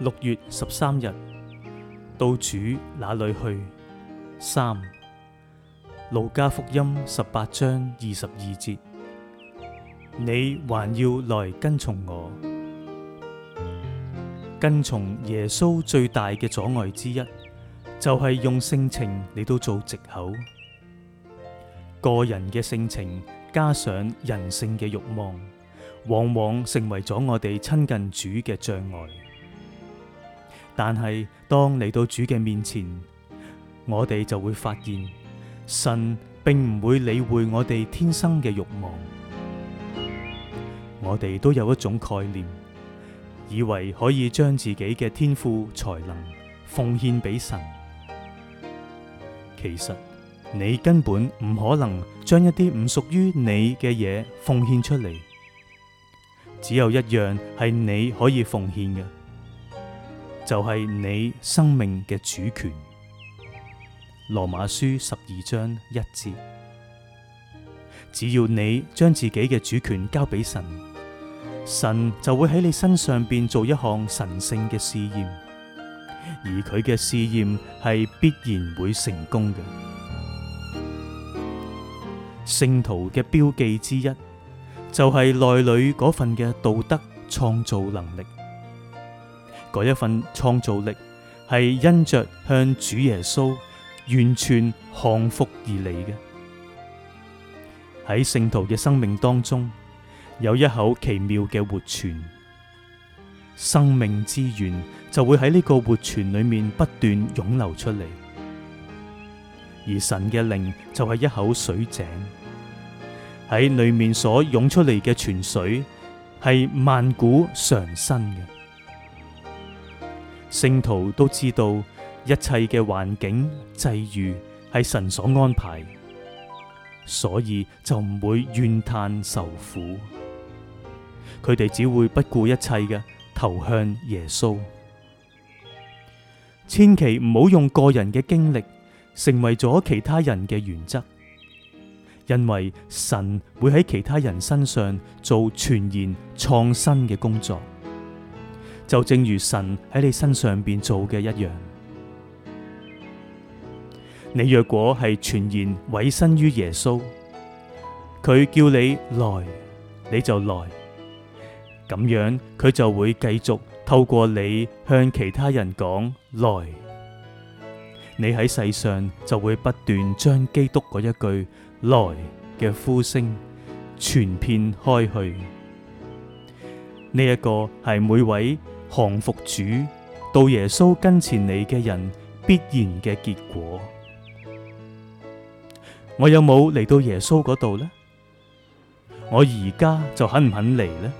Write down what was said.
六月十三日到主那裏去。三路加福音十八章二十二節，你還要來跟從我？跟從耶穌最大嘅阻礙之一，就係、是、用性情嚟都做借口。個人嘅性情加上人性嘅慾望，往往成為咗我哋親近主嘅障礙。但係，當嚟到主嘅面前，我哋就會發現，神並唔會理會我哋天生嘅慾望。我哋都有一種概念，以為可以將自己嘅天賦才能奉獻俾神。其實，你根本唔可能將一啲唔屬於你嘅嘢奉獻出嚟。只有一樣係你可以奉獻嘅。就係你生命嘅主權，《羅馬書》十二章一節。只要你將自己嘅主權交俾神，神就會喺你身上邊做一項神聖嘅試驗，而佢嘅試驗係必然會成功嘅。聖徒嘅標記之一，就係、是、內裏嗰份嘅道德創造能力。嗰一份創造力係因着向主耶穌完全降伏而嚟嘅。喺聖徒嘅生命當中有一口奇妙嘅活泉，生命之源就會喺呢個活泉裏面不斷湧流出嚟，而神嘅靈就係一口水井，喺裏面所湧出嚟嘅泉水係萬古常新嘅。聖徒都知道一切嘅環境際遇係神所安排，所以就唔會怨嘆受苦。佢哋只會不顧一切嘅，投向耶穌。千祈唔好用個人嘅經歷成為咗其他人嘅原則，因為神會喺其他人身上做全然創新嘅工作。就正如神喺你身上邊做嘅一樣，你若果係全然委身於耶穌，佢叫你來，你就來，咁樣佢就會繼續透過你向其他人講來，你喺世上就會不斷將基督嗰一句來嘅呼聲傳遍開去。呢一個係每位降服主，到耶穌跟前嚟嘅人必然嘅結果。我有冇嚟到耶穌嗰度呢？我而家就肯唔肯嚟呢？